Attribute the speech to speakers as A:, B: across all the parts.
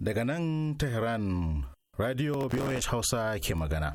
A: Daga nan Tehran, Radio Hausa ke magana.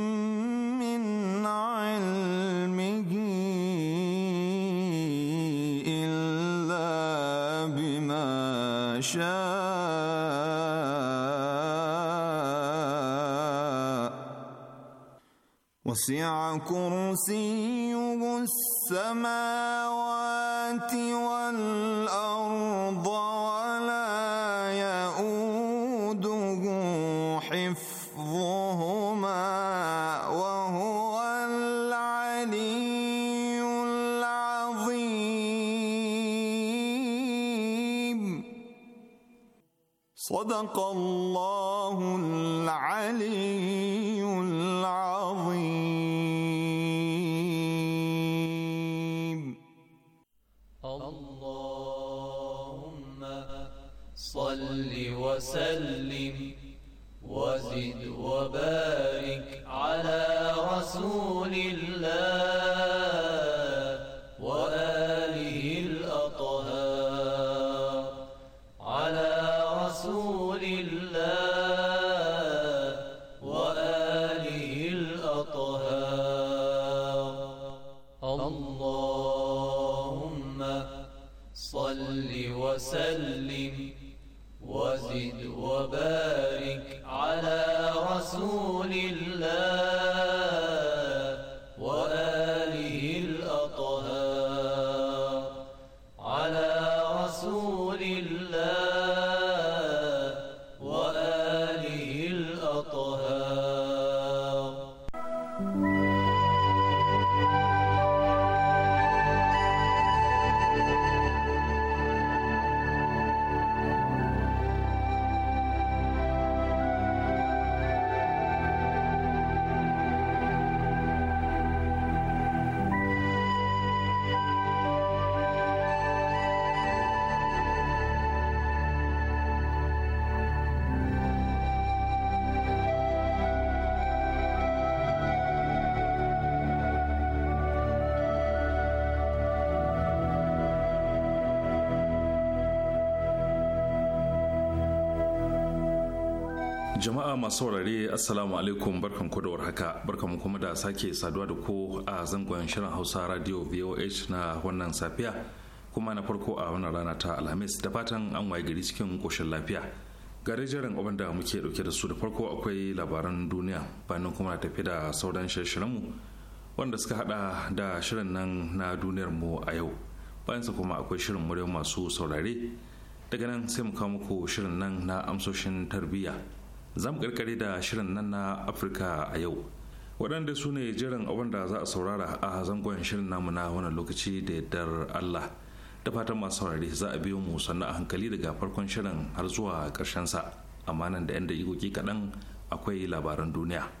B: وسع كرسيه السماوات
A: jama'a masu saurare assalamu alaikum barkan ku haka, warhaka mu kuma da sake saduwa da ku a zangon shirin hausa radio voh na wannan safiya kuma na farko a wannan rana ta alhamis da fatan an waye gari cikin koshin lafiya gare jiran abin da muke dauke da su da farko akwai labaran duniya bayan kuma na tafi da sauran shirinmu wanda suka hada da shirin nan na duniyar mu a yau bayan sa kuma akwai shirin muryar masu saurare daga nan sai mu kawo muku shirin nan na amsoshin tarbiyya za mu karkare da shirin nan na afirka a yau waɗanda su ne jiran abin da za a saurara a zangon shirin namu na wannan lokaci da yardar allah da fatan masu saurari za a biyo mu sannan a hankali daga farkon shirin har zuwa ƙarshen sa amma nan da 'yan da kaɗan akwai labaran duniya.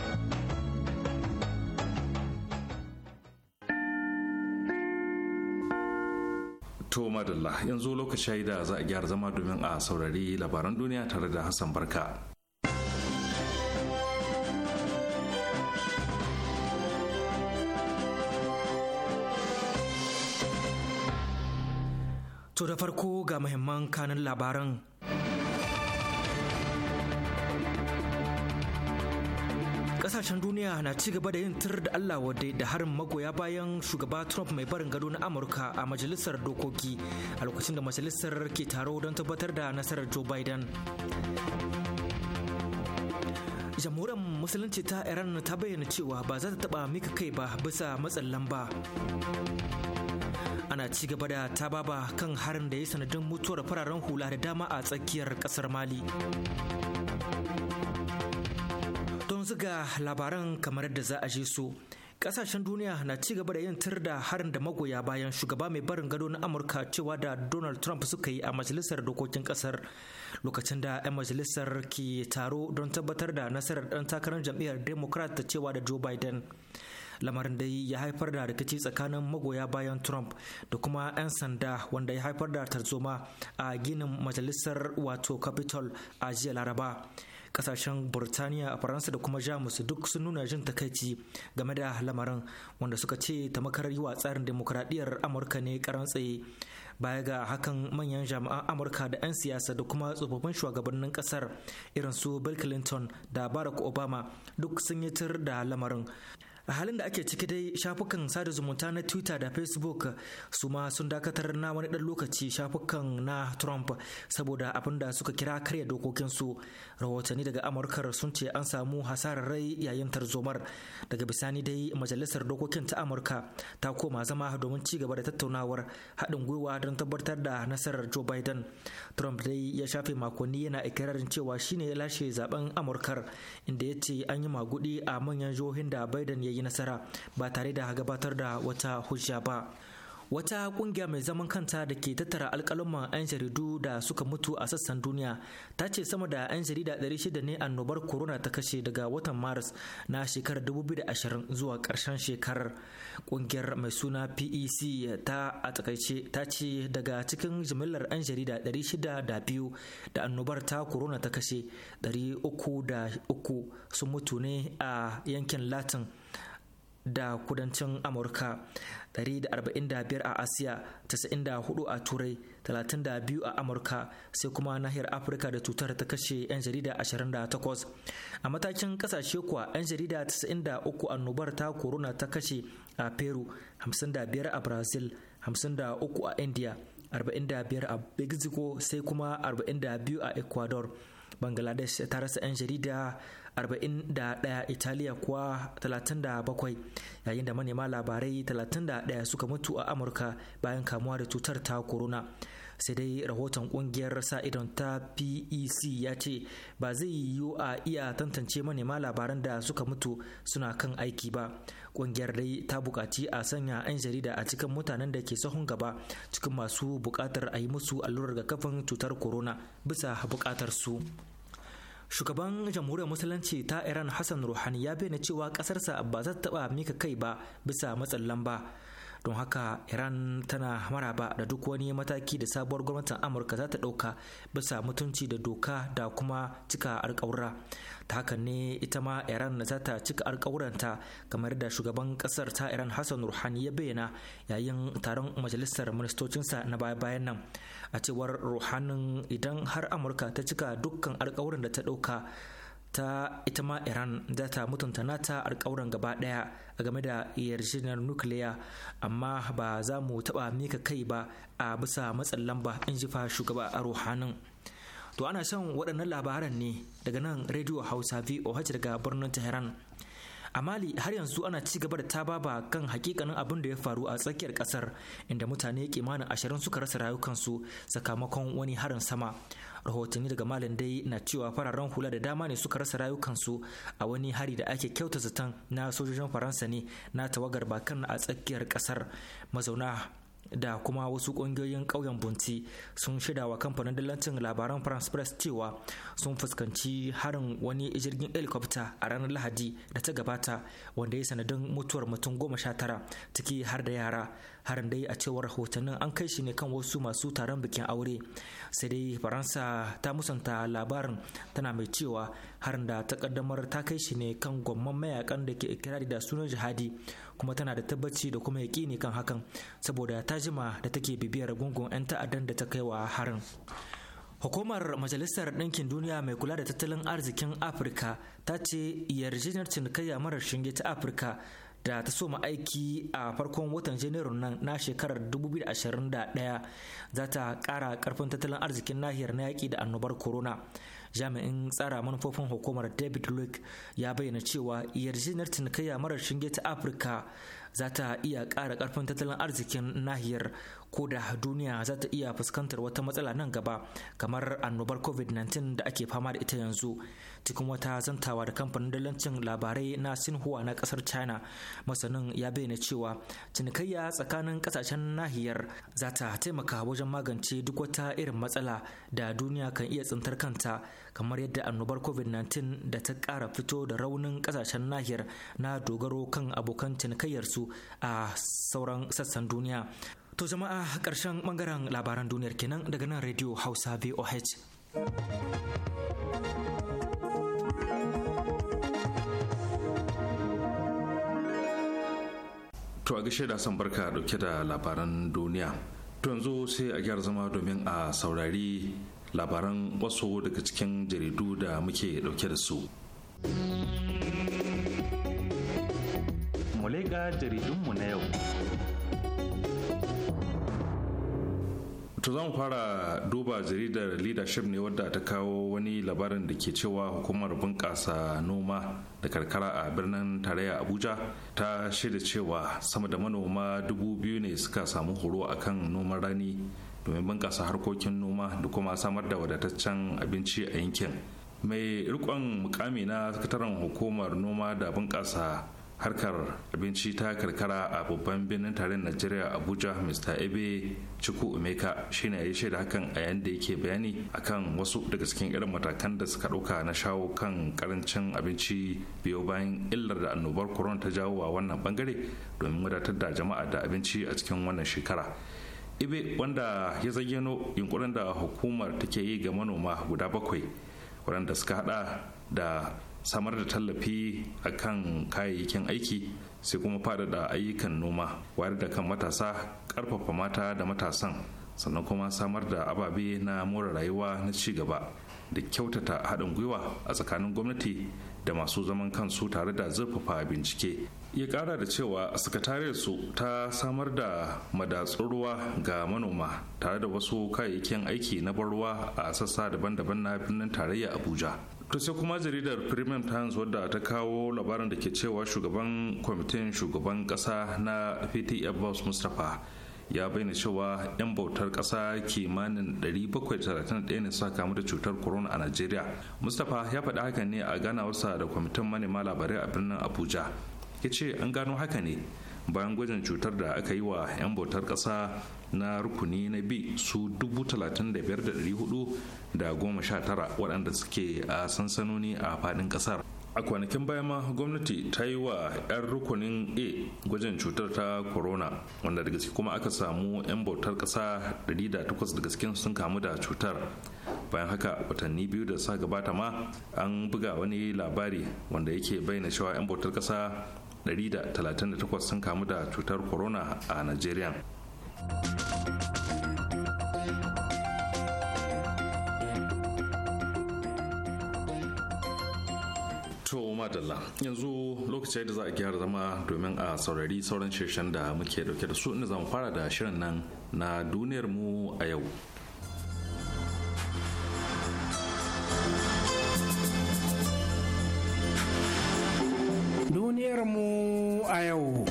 A: To madalla yanzu lokacin da za a gyara zama domin a saurari labaran duniya tare da Hassan Barka.
C: To da farko ga muhimman kanin labaran kasashen duniya na ci gaba da yin tir da Allah wadai da harin magoya bayan shugaba Trump mai barin gado na Amurka a majalisar dokoki a lokacin da majalisar ke taro don tabbatar da nasarar Joe Biden. jamhuriyar musulunci ta iran ta bayyana cewa ba za ta taba mika kai ba bisa matsin lamba ana ci gaba da tababa kan harin da ya sanadin mutuwar fararen hula da dama a tsakiyar kasar mali sun ziga labaran kamar da za a ji su kasashen duniya na ci gaba da yin tir da harin da magoya bayan shugaba mai barin gado na amurka cewa da donald trump suka yi a majalisar dokokin kasar lokacin da 'yan majalisar ke taro don tabbatar da nasarar dan takarar jam'iyyar democrat da cewa da joe biden lamarin da ya haifar da rikici tsakanin magoya bayan trump da kuma 'yan sanda wanda ya haifar da tarzoma a ginin majalisar wato capitol a jiya laraba kasashen burtaniya a faransa da kuma jamus duk sun nuna jin takaici game da lamarin wanda suka ce ta makarar yi wa tsarin demokradiyyar amurka ne karan tsaye baya ga hakan manyan jami'an amurka da 'yan siyasa da kuma tsofaffin shugabannin kasar irin su bill clinton da barack obama duk sun yi tur da lamarin a halin da ake ciki dai shafukan sada zumunta na twitter da facebook su ma sun dakatar na wani dan lokaci shafukan na trump saboda abin da suka kira karya dokokinsu rahotanni daga amurkar sun ce an samu hasarar rai yayin tarzomar daga bisani dai majalisar dokokin ta amurka ta koma zama domin ci gaba da tattaunawar haɗin gwiwa don tabbatar da nasarar joe biden trump dai ya shafe makonni yana ikirarin cewa shine ya lashe zaben amurkar inda ya ce an yi magudi a manyan jihohin da biden ya yi nasara ba tare da gabatar da wata hujja ba wata kungiya mai zaman kanta da ke tattara alkalaman 'yan jaridu da suka mutu a sassan duniya ta ce sama da 'yan jarida 600 ne annobar corona ta kashe daga watan maris na shekarar 2020 zuwa karshen shekarar kungiyar mai suna pec ta a takaice ta ce daga cikin jimillar 'yan jarida shida da biyu da annobar ta corona ta kashe da uku sun mutu ne a yankin latin da kudancin amurka 145 a asiya 94 a turai 32 a amurka sai kuma nahiyar afirka da cutar ta kashe 'yan jarida 28 a matakin kasashe kuwa 'yan jarida 93 annobar ta corona ta kashe a peru 55 a brazil 53 a india 45 a mexico sai kuma 42 a ecuador bangladesh ta rasa 'yan jarida 41 italiya kuwa 37 yayin da manema labarai 31 suka mutu a amurka bayan kamuwa da cutar ta corona sai dai rahoton kungiyar sa idon ta pec ya ce ba zai yiwu a iya tantance manema labaran da suka mutu suna kan aiki ba kungiyar dai ta bukaci a sanya 'yan jarida a cikin mutanen da ke sahun gaba cikin masu bukatar a yi musu allurar ga kafin cutar corona bisa bukatar su. shugaban jamhuriyar musulunci ta iran hassan ruhani ya bayyana cewa kasarsa ba za ta taba mika kai ba bisa matsin lamba don haka iran tana maraba da duk wani mataki da sabuwar gwamnatin amurka za ta ɗauka bisa mutunci da doka da kuma cika alƙawura ta ne ita ma iran za ta cika alkawuranta kamar da shugaban kasar ta iran hassan ruhani ya bayyana yayin taron majalisar ministocinsa na baya-bayan nan a cewar ruhanin idan har amurka ta cika dukkan alkawuran da ta ɗauka ta ita ma iran za ta mutunta nata alkawuran gaba daya a game da yarjejeniyar nukiliya amma ba za mu taba mika kai ba a bisa matsin lamba in jifa shugaba a ruhanin To ana son waɗannan labaran ne daga nan Radio Hausa VOH daga birnin Tehran. A Mali har yanzu ana ci gaba da tababa kan hakikanin abin da ya faru a tsakiyar ƙasar inda mutane kimanin ashirin suka rasa rayukansu sakamakon wani harin sama. Rahotanni daga Malin dai na cewa fararen hula da dama ne suka rasa rayukansu a wani hari da ake kyauta zaton na sojojin Faransa ne na tawagar bakan a tsakiyar kasar mazauna da kuma wasu ƙungiyoyin ƙauyen bunti sun shida wa kamfanin dillancin labaran france press cewa sun fuskanci harin wani jirgin helikwafta a ranar lahadi da ta gabata wanda ya sanadin mutuwar mutum goma sha tara ciki har da yara harin dai a cewar rahotannin an kai shi ne kan wasu masu taron bikin aure sai dai faransa ta musanta labarin tana mai cewa harin da ta kaddamar ta kai shi ne kan gwamman mayakan da ke ikirari da sunan jihadi kuma tana da tabbaci da kuma yaƙini kan hakan saboda ta jima da take bibiyar gungun 'yan ta'addan da ta kai wa harin hukumar majalisar ɗinkin duniya mai kula da tattalin arzikin afirka ta ce yarjejeniyar cinikayya marar shinge ta afirka da ta soma aiki a farkon watan janairun nan na shekarar 2021 za ta ƙara ƙarfin tattalin arzikin nahiyar na yaƙi da annobar corona jami'in tsara manufofin hukumar david luke ya bayyana cewa yarjejeniyar cinikayya marar shinge ta afirka za ta iya ƙara ƙarfin tattalin arzikin nahiyar ko da duniya za ta iya fuskantar wata matsala nan gaba kamar annobar covid-19 da ake fama da ita yanzu cikin wata zantawa da kamfanin dalancin labarai na sinhua na kasar china masanin ya bayyana cewa cinikayya tsakanin kasashen nahiyar za ta taimaka wajen magance duk wata irin matsala da duniya kan iya tsintar kanta kamar yadda annobar covid-19 da ta kara fito da raunin kasashen nahiyar na dogaro kan abokan cinikayyarsu a sauran sassan duniya To jama'a ƙarshen ɓangaren labaran duniyar kenan daga nan Radio Hausa VOH.
A: To a gashe da san barka dauke da labaran duniya. To yanzu sai a gyara zama domin a saurari labaran wasu daga cikin jaridu da muke dauke da su. Mulega jaridunmu na yau. to zan fara duba jaridar leadership ne wadda ta kawo wani labarin da ke cewa hukumar bunƙasa noma da karkara a birnin tarayya abuja ta shaida cewa sama da manoma dubu biyu ne suka samu horo kan noman rani domin bunƙasa harkokin noma da kuma samar da wadataccen abinci a yankin mai rikon mukami na sakataren hukumar noma da bunƙasa harkar abinci ta karkara a babban birnin tarin najeriya abuja mr ebe chiku umeka shine ya shaida hakan a yayin da yake bayani akan wasu daga cikin irin matakan da suka ɗauka na shawo kan karancin abinci biyo bayan illar da annobar corona ta jawo a wannan bangare domin wadatar da jama'a da abinci a cikin wannan shekara ibe wanda ya zayyano yunkurin da hukumar take yi ga manoma guda bakwai waɗanda suka hada da samar da tallafi a kan kayayyakin aiki sai kuma faɗaɗa ayyukan noma wayar da kan matasa ƙarfafa mata da matasan sannan kuma samar da ababe na more rayuwa na ci gaba da kyautata haɗin gwiwa a tsakanin gwamnati da masu zaman kansu tare da zurfafa bincike ya ƙara da cewa sakatariyar su ta samar da madatsun ruwa ga manoma tare da wasu kayayyakin aiki na ban ruwa a sassa daban-daban na birnin tarayya abuja to sai kuma jaridar premium times wadda ta kawo labarin da ke cewa shugaban kwamitin shugaban kasa na pt abbas mustapha ya bayyana cewa 'yan bautar kasa kimanin 731 ne suka kamu da cutar corona a nigeria. mustapha ya faɗi hakan ne a ganawarsa da kwamitin manema labarai a birnin abuja ya ce an gano haka ne bayan gwajin cutar da aka yi wa 'yan bautar kasa. na rukuni na bi su da goma 35,419 waɗanda suke a sansanoni a faɗin ƙasar a kwanakin baya ma gwamnati ta yi wa 'yan rukunin a gwajin cutar ta corona wanda daga ciki kuma aka samu 'yan bautar kasa 108 daga cikin sun kamu da cutar bayan haka watanni biyu da sa gabata ma an buga wani labari wanda yake bayyana cewa 'yan bautar kasa 138 sun kamu da cutar corona a nigeria To yanzu lokaci da za a gyara zama domin a saurari sauran shirshen da muke dauke da su inda zamu fara da shirin nan na duniyar mu a yau.
D: Duniyar mu a yau.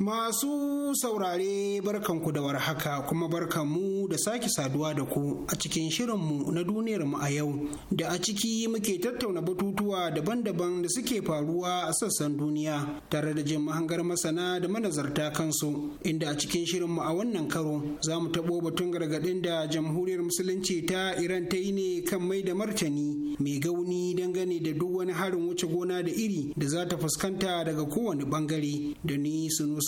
E: Masu saurare barkanku da warhaka kuma barkanmu da sake saduwa da ku a cikin shirinmu na duniyar mu a yau da a ciki muke tattauna batutuwa daban-daban da suke faruwa a sassan duniya tare da jin mahangar masana da manazarta kansu inda a cikin shirinmu a wannan karo za mu taɓo batun gargaɗin da jamhuriyar musulunci ta Iran ta yi ne kan mai da martani mai gauni dangane da duk wani harin wuce gona da iri da za ta fuskanta daga kowane bangare da ni sunusu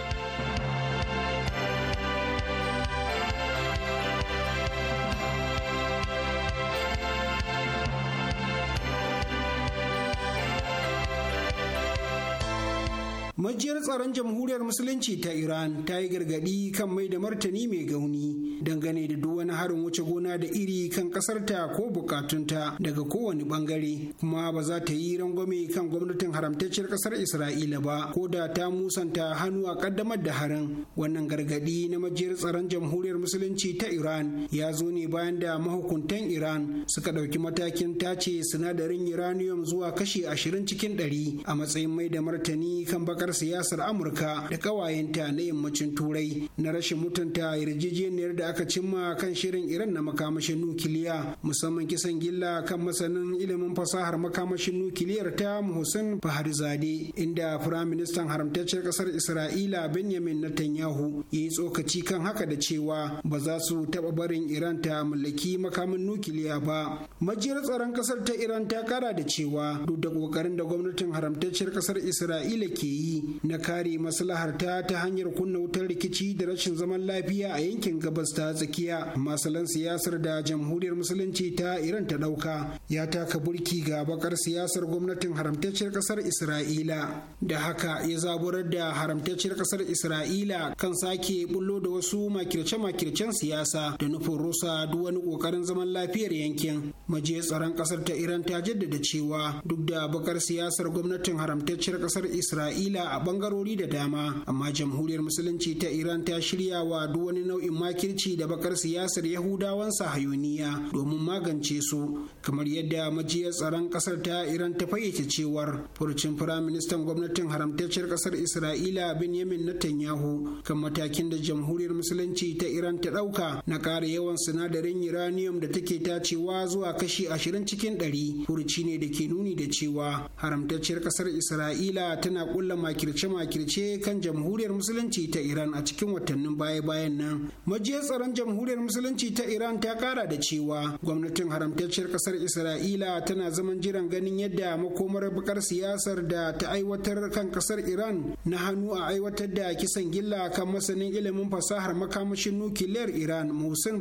E: majiyar tsaron jamhuriyar musulunci ta iran ta yi gargadi kan mai da martani mai gauni dangane da duk wani harin wuce gona da iri kan kasarta ko bukatunta daga kowane bangare kuma ba za ta yi rangwame kan gwamnatin haramtacciyar kasar isra'ila ba ko da ta musanta hannu a kaddamar da harin wannan gargadi na majiyar tsaron jamhuriyar musulunci ta iran ya zo ne bayan da mahukuntan iran suka ɗauki matakin tace sinadarin uranium zuwa kashi ashirin cikin ɗari a matsayin mai da martani kan bakar bakar siyasar amurka da kawayenta na yammacin turai na rashin mutunta yarjejeniyar da aka cimma kan shirin iran na makamashin nukiliya musamman kisan gilla kan masanin ilimin fasahar makamashin nukiliyar ta muhsin faharizade inda firaministan haramtaccen ƙasar isra'ila benjamin netanyahu ya yi tsokaci kan haka da cewa ba za su taɓa barin iran ta mallaki makamin nukiliya ba majiyar tsaron ƙasar ta iran ta kara da cewa duk da ƙoƙarin da gwamnatin Haramtaccen ƙasar isra'ila ke yi na kare maslaharta ta hanyar kunna wutar rikici da rashin zaman lafiya a yankin gabas ta tsakiya masalan siyasar da jamhuriyar musulunci ta iran ta ɗauka ya taka burki ga bakar siyasar gwamnatin haramtacciyar ƙasar isra'ila da haka ya zaburar da haramtacciyar ƙasar isra'ila kan sake bullo da wasu makirce-makircen siyasa da nufin rusa duk wani ƙoƙarin zaman lafiyar yankin maje tsaron kasar ta iran ta jaddada cewa duk da bakar siyasar gwamnatin haramtacciyar kasar isra'ila a bangarori da dama amma jamhuriyar musulunci ta iran ta shirya wa duk wani nau'in makirci da bakar siyasar yahudawan sahayoniya domin magance su kamar yadda majiyar tsaron kasar ta iran ta fayyace cewar furucin firaministan gwamnatin haramtacciyar kasar isra'ila benjamin netanyahu kan matakin da jamhuriyar musulunci ta iran ta ɗauka na kare yawan sinadarin uranium da take tacewa zuwa kashi ashirin cikin ɗari furuci ne da ke nuni da cewa haramtacciyar ƙasar isra'ila tana ƙulla makirce-makirce kan jamhuriyar musulunci ta iran a cikin watannin baya-bayan nan majiyar tsaron jamhuriyar musulunci ta iran ta kara da cewa gwamnatin haramtacciyar ƙasar isra'ila tana zaman jiran ganin yadda makomar bakar siyasar da ta aiwatar kan ƙasar iran na hannu a aiwatar da kisan gilla kan masanin ilimin fasahar makamashin nukiliyar iran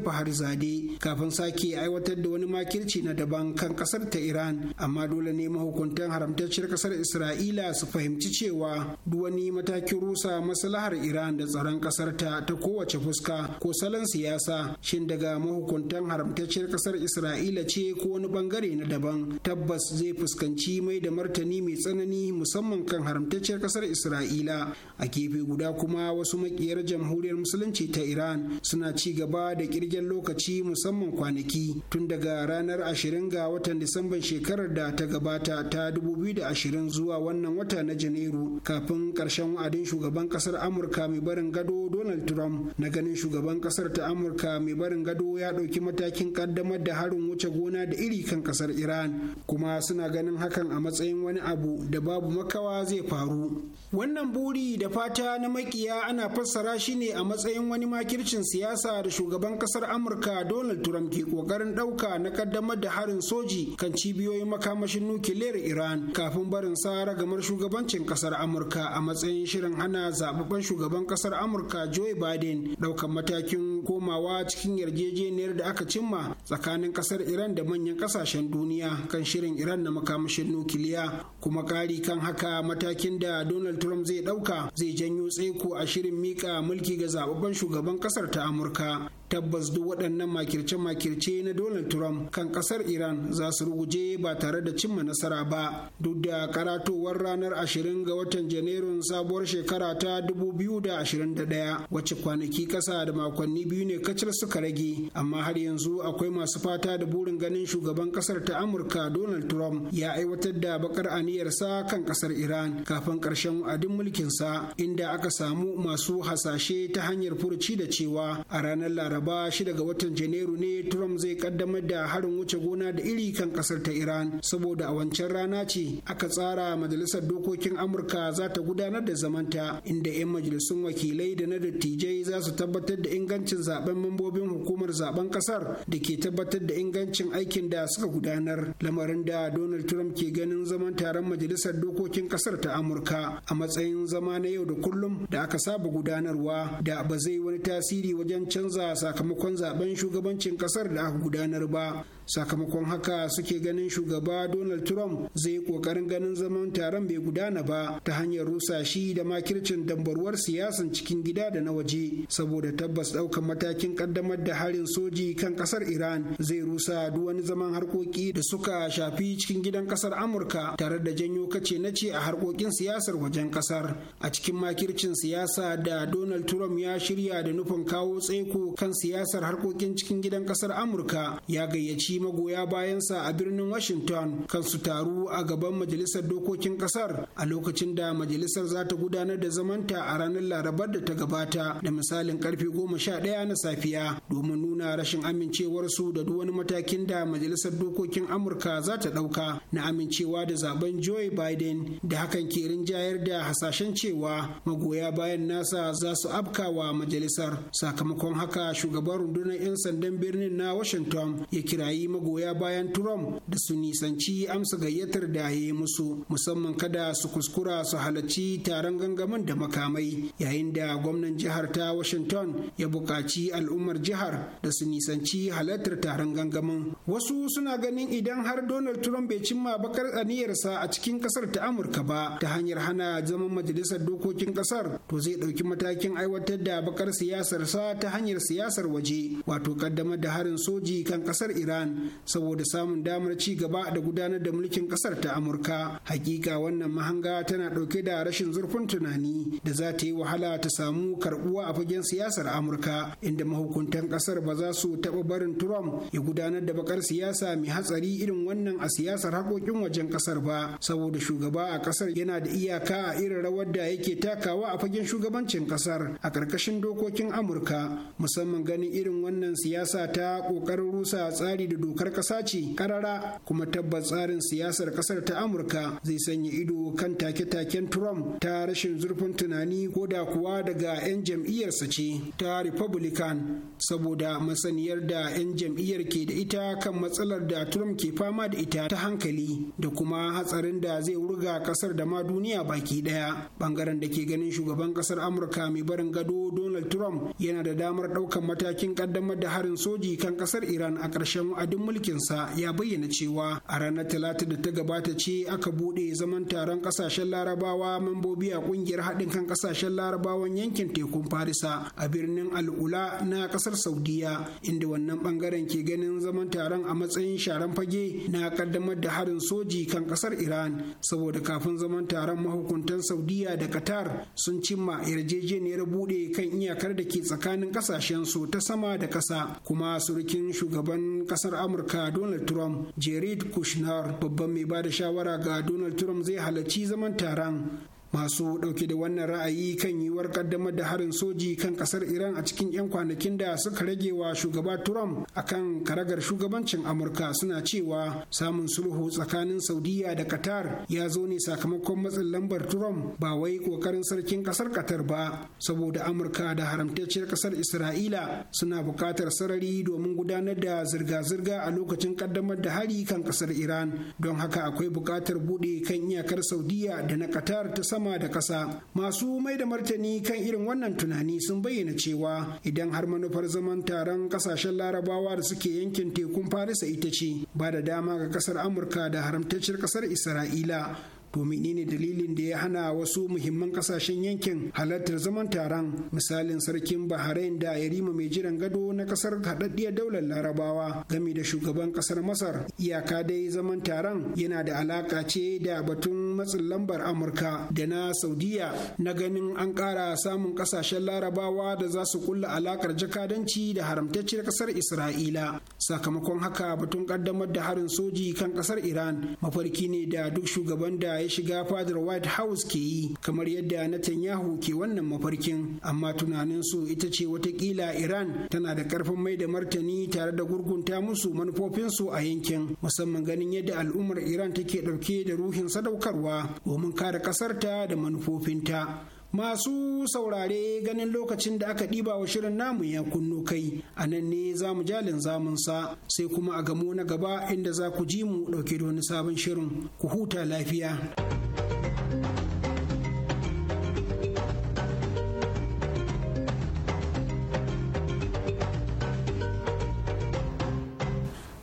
E: fahar zade kafin sake aiwatar da wani makin wakilci na daban kan kasar ta Iran amma dole ne mahukuntan haramtacciyar kasar Isra'ila su fahimci cewa duk wani matakin rusa maslahar Iran da tsaron kasar ta ta kowace fuska ko salon siyasa shin daga mahukuntan haramtacciyar kasar Isra'ila ce ko wani bangare na daban tabbas zai fuskanci mai da martani mai tsanani musamman kan haramtacciyar kasar Isra'ila a gefe guda kuma wasu makiyar jamhuriyar musulunci ta Iran suna ci gaba da kirgen lokaci musamman kwanaki tun daga ranar ranar 20 ga watan Disamban shekarar da ta gabata ta 2020 zuwa wannan wata na Janairu kafin ƙarshen wa'adin shugaban ƙasar Amurka mai barin gado Donald Trump na ganin shugaban ƙasar ta Amurka mai barin gado ya ɗauki matakin ƙaddamar da harin wuce gona da iri kan ƙasar Iran kuma suna ganin hakan a matsayin wani abu da babu makawa zai faru. Wannan buri da fata na makiya ana fassara shi ne a matsayin wani makircin siyasa da shugaban ƙasar Amurka Donald Trump ke ƙoƙarin ɗauka na ƙaddamar kaddamar da harin soji kan cibiyoyin makamashin nukiliyar Iran kafin barin sa ragamar shugabancin kasar Amurka a matsayin shirin hana zababban shugaban kasar Amurka Joe Biden daukan matakin komawa cikin yarjejeniyar da aka cimma tsakanin kasar iran da manyan kasashen duniya kan shirin iran na makamashin nukiliya kuma kari kan haka matakin da donald trump zai dauka zai janyo tsaiko a shirin mika mulki ga zababben shugaban kasar ta amurka tabbas duk waɗannan makirce-makirce na donald trump kan kasar iran za su ruguje ba tare da cimma nasara ba duk da karatowar ranar ashirin ga watan janairun sabuwar shekara ta 2021 wacce kwanaki kasa da makonni biyu ne kacal suka rage amma har yanzu akwai masu fata da burin ganin shugaban kasar ta amurka donald trump ya aiwatar da bakar aniyarsa kan kasar iran kafin karshen wa'adin mulkinsa inda aka samu masu hasashe ta hanyar furuci da cewa a ranar laraba shida ga watan janairu ne trump zai kaddamar da harin wuce gona da iri kan kasar ta iran saboda a wancan rana ce aka tsara majalisar dokokin amurka za ta gudanar da zamanta inda 'yan majalisun wakilai da na dattijai za su tabbatar da ingancin zaben mambobin hukumar zaben kasar da ke tabbatar da ingancin aikin da suka gudanar lamarin da donald trump ke ganin zaman taron majalisar dokokin kasar ta amurka a matsayin zama na yau da kullum da aka saba gudanarwa da ba zai wani tasiri wajen canza sakamakon zaben shugabancin kasar da aka gudanar ba sakamakon haka suke ganin shugaba donald trump zai yi kokarin ganin zaman taron bai gudana ba ta hanyar rusa shi da makircin dambarwar siyasan cikin gida da na waje saboda tabbas ɗaukan matakin ƙaddamar da harin soji kan ƙasar iran zai rusa duk wani zaman harkoki da suka shafi cikin gidan ƙasar amurka tare da janyo kace na ce a harkokin siyasar wajen ƙasar a cikin makircin siyasa da donald trump ya shirya da nufin kawo tsaiko kan siyasar harkokin cikin gidan ƙasar amurka ya gayyaci magoya bayansa a birnin Washington kan su taru a gaban majalisar dokokin Ƙasar, a lokacin da majalisar za ta gudanar da zamanta a ranar larabar da ta gabata da misalin karfe goma sha ɗaya na safiya domin nuna rashin amincewarsu da duk wani matakin da majalisar dokokin Amurka za ta ɗauka na amincewa da zaben Joe Biden da hakan ke rinjayar da hasashen cewa magoya bayan nasa za su afkawa majalisar sakamakon haka shugaban rundunar 'yan sandan birnin na Washington ya kirayi magoya bayan Trump da su nisanci amsa gayyatar da ya yi musu musamman kada su kuskura su halarci taron gangamin da makamai yayin da gwamnan jihar ta Washington ya buƙaci al'ummar jihar da su nisanci halartar taron gangamin. Wasu suna ganin idan har Donald Trump bai cimma bakar aniyarsa a cikin ƙasar ta Amurka ba ta hanyar hana zaman majalisar dokokin ƙasar to zai ɗauki matakin aiwatar da bakar siyasarsa ta hanyar siyasar waje wato kaddamar da harin soji kan ƙasar Iran saboda samun damar ci gaba da gudanar da mulkin kasar ta amurka hakika wannan mahanga tana dauke da rashin zurfin tunani da za ta yi wahala ta samu karbuwa a fagen siyasar amurka inda mahukuntan kasar ba za su taba barin trump ya gudanar da bakar siyasa mai hatsari irin wannan a siyasar haƙoƙin wajen kasar ba saboda shugaba a kasar yana da iyaka a irin rawar da yake takawa a fagen shugabancin kasar a ƙarƙashin dokokin amurka musamman ganin irin wannan siyasa ta ƙoƙarin rusa tsari da dokar ƙasa ce karara kuma tabbas tsarin siyasar ƙasar ta amurka zai sanya ido kan take-taken trump ta rashin zurfin tunani ko da kuwa daga 'yan jam'iyyarsa ce ta republican saboda masaniyar da 'yan jam'iyyar ke da ita kan matsalar da trump ke fama da ita ta hankali da kuma hatsarin da zai wurga ƙasar da ma duniya baki ɗaya ɓangaren da ke ganin shugaban ƙasar amurka mai barin gado donald trump yana da damar ɗaukar matakin ƙaddamar da harin soji kan ƙasar iran a ƙarshen wa'adin mulkinsa ya bayyana cewa a ranar talata da ta gabata ce aka buɗe zaman taron ƙasashen larabawa mambobi a ƙungiyar haɗin kan ƙasashen larabawan yankin tekun farisa a birnin al'ula na ƙasar saudiya inda wannan ɓangaren ke ganin zaman taron a matsayin sharan fage na ƙaddamar da harin soji kan ƙasar iran saboda kafin zaman taron mahukuntan saudiya da qatar sun cimma yarjejeniyar buɗe kan iyakar da ke tsakanin ƙasashen su ta sama da ƙasa kuma surukin shugaban ƙasar amurka donald trump jared kushner babban mai ba da shawara ga donald trump zai halarci zaman taron masu ɗauke da wannan ra'ayi kan yiwuwar kaddamar da harin soji kan ƙasar iran a cikin 'yan kwanakin da suka rage wa shugaba trump akan karagar shugabancin amurka suna cewa samun sulhu tsakanin saudiya da qatar ya zo ne sakamakon matsin lambar trump ba wai ƙoƙarin sarkin ƙasar qatar ba saboda amurka da haramtacciyar ƙasar isra'ila suna buƙatar sarari domin gudanar da zirga-zirga a lokacin kaddamar da hari kan ƙasar iran don haka akwai buƙatar buɗe kan iyakar saudiya da na qatar ta sama sama da ƙasa masu mai da martani kan irin wannan tunani sun bayyana cewa idan har manufar zaman taron ƙasashen larabawa da suke yankin tekun farisa ita ce ba da dama ga ƙasar amurka da haramtacciyar ƙasar isra'ila to menene dalilin da ya hana wasu muhimman kasashen yankin halartar zaman taron misalin sarkin bahrain da yarima mai jiran gado na kasar haɗaɗɗiyar daular larabawa game da shugaban kasar masar iyaka dai zaman taron yana da alaka ce da batun matsin lambar amurka da na saudiya na ganin an ƙara samun kasashen larabawa da za su kulla alakar jakadanci da haramtacciyar kasar isra'ila sakamakon haka batun ƙaddamar da harin soji kan kasar iran mafarki ne da duk shugaban da kiyaye shiga fadar white house ke yi kamar yadda netanyahu ke wannan mafarkin amma tunanin su ita ce watakila iran tana da karfin mai da martani tare da gurgunta musu manufofinsu a yankin musamman ganin yadda al'ummar iran take ɗauke da ruhin sadaukarwa domin kare ƙasarta da manufofinta Masu saurare ganin lokacin da aka ɗiba wa shirin namu ya kunno kai, a nan ne za mu jalin zamunsa sai kuma a gamo na gaba inda za ku ji mu ɗauke da wani sabon shirin ku huta lafiya.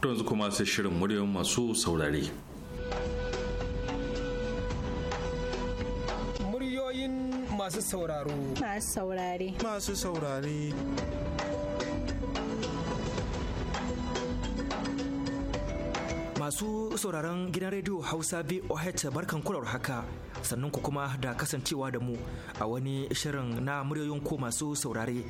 A: yanzu kuma sai shirin muryoyin masu saurare.
E: masu sauraro
F: masu saurare
C: masu saurare masu sauraron gidan rediyo hausa voh barkan kular haka sannan ku kuma da kasancewa da mu a wani shirin na muryoyin ku masu saurare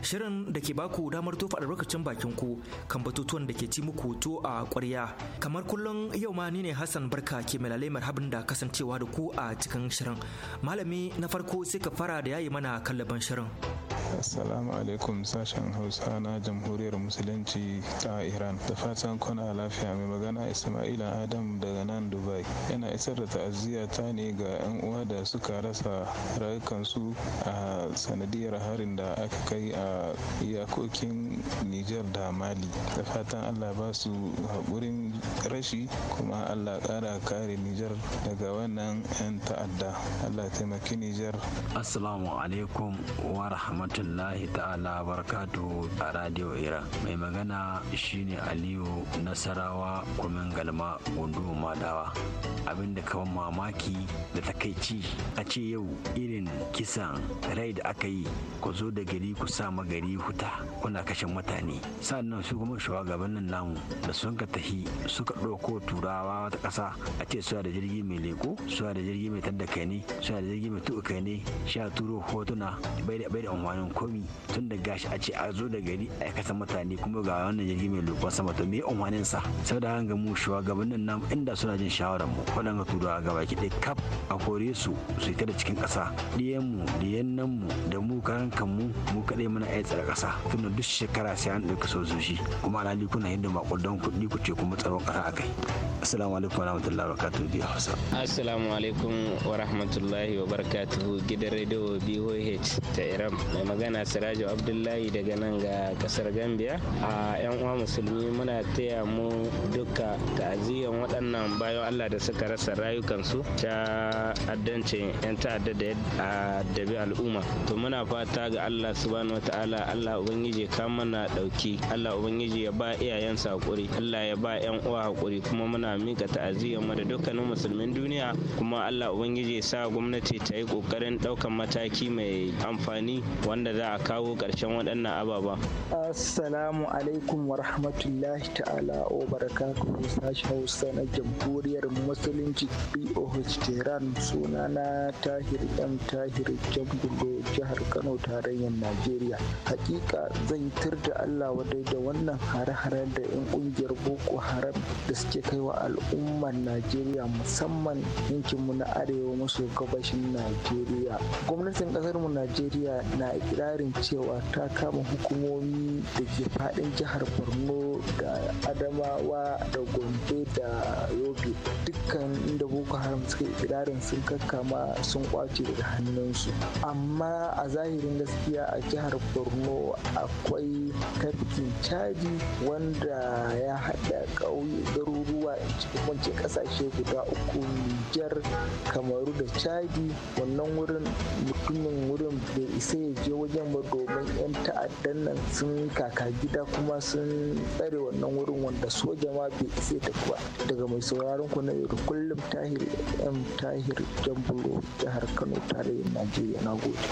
C: shirin da ke baku damar tofa lokacin bakin ku kan batutuwan da ke ci muku to a ƙwarya kamar kullum yau ma ni ne Hassan Barka ke malalai marhabin da kasancewa da ku a cikin shirin malami na farko sai ka fara da yayi mana kallaban shirin
D: Assalamu alaikum sashen Hausa na Jamhuriyar Musulunci ta Iran. Da fatan kuna lafiya mai magana Ismaila Adam daga nan Dubai. Yana isar da ta'aziyya ta ne ga 'yan uwa da suka rasa rayukansu a sanadiyar harin da aka kai a iyakokin niger da mali da fatan allah ba su haƙurin rashi kuma allah ƙara kare niger daga wannan 'yan ta'adda allah taimaki niger assalamu alaikum
F: wa rahmatullahi ta'ala barkatu a radio iran mai magana
C: shine aliyu nasarawa kumin galma gundu madawa abinda kawan mamaki da takaici a ce yau irin kisan rai da aka yi ku zo da gari ku sa magari huta kuna kashe mutane sannan su kuma shugabannin namu da sun ka tahi suka ɗauko turawa wata ƙasa a ce suna da jirgi mai leko suna da jirgi mai tadda kai ne suna da jirgi mai tuka kai ne sha turo hotuna bai da bai da amfanin komi tun da gashi a ce a zo da gari a kasa mutane kuma ga wannan jirgi mai lekon sama to me amfanin sa saboda ga mu shugabannin namu inda suna jin shawaran mu waɗanga turawa gaba ki kaf a kore su su da cikin ƙasa ɗiyanmu ɗiyannanmu da mu karan kanmu mu kaɗai muna iya tsare ƙasa tunda duk shekara sai an ɗauki zuci kuma alhali
F: kuna yadda makudan kuɗi ku ce kuma tsaron ƙasa akai assalamu alaikum wa rahmatullahi wa barakatuhu biya hausa
C: assalamu alaikum wa rahmatullahi wa barakatuhu gidan rediyo boh ta iran mai magana sirajo abdullahi daga nan ga kasar gambia a yan uwa musulmi muna taya mu duka ta'aziyan waɗannan bayan allah da suka rasa rayukansu ta ta'addancin 'yan ta'adda da ya dabi al'umma to muna fata ga allah subhanahu wataala allah ubangiji ka mana dauki allah ubangiji ya ba iyayensa hakuri allah ya ba 'yan uwa hakuri kuma muna mika ta'aziyyar mu da dukkanin musulmin duniya kuma allah ubangiji ya sa gwamnati ta yi kokarin daukan mataki mai amfani wanda za a kawo karshen waɗannan ababa
F: assalamu alaikum wa rahmatullahi ta'ala wa barakatuhu sashen hausa na jamhuriyar musulunci boh tehran sunana tahir m tahir jambulo jihar kano tarayyar najeriya hakika zan tir da allah wadai da wannan hare-hare da yan kungiyar boko haram da suke kai wa al'ummar najeriya musamman yankinmu na arewa maso gabashin najeriya gwamnatin kasarmu najeriya na ikirarin cewa ta kama hukumomi da ke fadin jihar borno da adamawa da gombe da yobe dukkan inda boko haram suka ikirarin sun kakkama sun kwace daga hannunsu amma a zahirin gaskiya a jihar borno akwai tafkin caji wanda ya haɗa ƙauye garuruwa cikin ƙasashe guda uku nijar kamaru da caji wannan wurin mutumin wurin bai isa ya je wajen ba domin 'yan ta'addan nan sun kaka gida kuma sun tsare wannan wurin wanda soja ma bai isa tafi ba daga mai sauraron ku na yau kullum tahir m tahir tahir jambulo jihar kano tarayyar najeriya na gode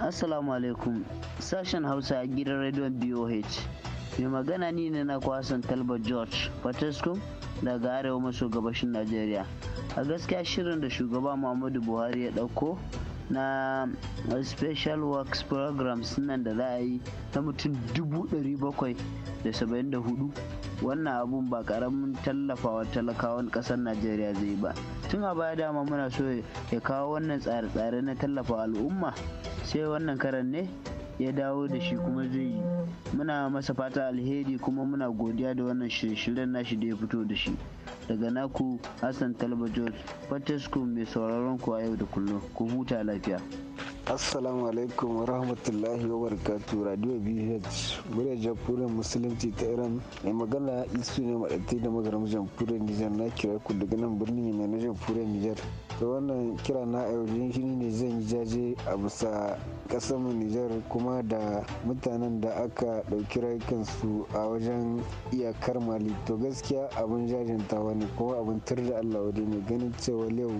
F: assalamu alaikum sashen hausa a gidan rediyon boh mai magana ni ne na kwasan talba george patescu daga arewa maso gabashin najeriya a gaskiya shirin da shugaba muhammadu buhari ya dauko. na special works programs nan da za a yi ta mutum dubu da saba'in da hudu wannan abun ba karamin tallafawa talakawan kasar najeriya zai ba tun a baya dama muna so ya kawo wannan tsare-tsare na tallafa al'umma sai wannan karan ne ya dawo da shi kuma zai yi muna masa fata alheri kuma muna godiya da wannan shirye-shiryen nashi da ya fito da shi daga naku hassan talba george mai sauraron ku a yau da kullum ku huta lafiya
G: assalamu alaikum wa rahmatullahi wa barakatu radio bh murya jamhuriyar musulunci ta iran mai magana isu ne maɗatai da mazarin jamhuriyar nijar na kira ku daga nan birnin mai na jamhuriyar nijar da wannan kira na a yau shi ne zan yi jaje a bisa ƙasar nijar kuma da mutanen da aka ɗauki rayukansu a wajen iyakar mali to gaskiya abin jajintawa ne kuma abin tur da allah wadai ne ganin cewa yau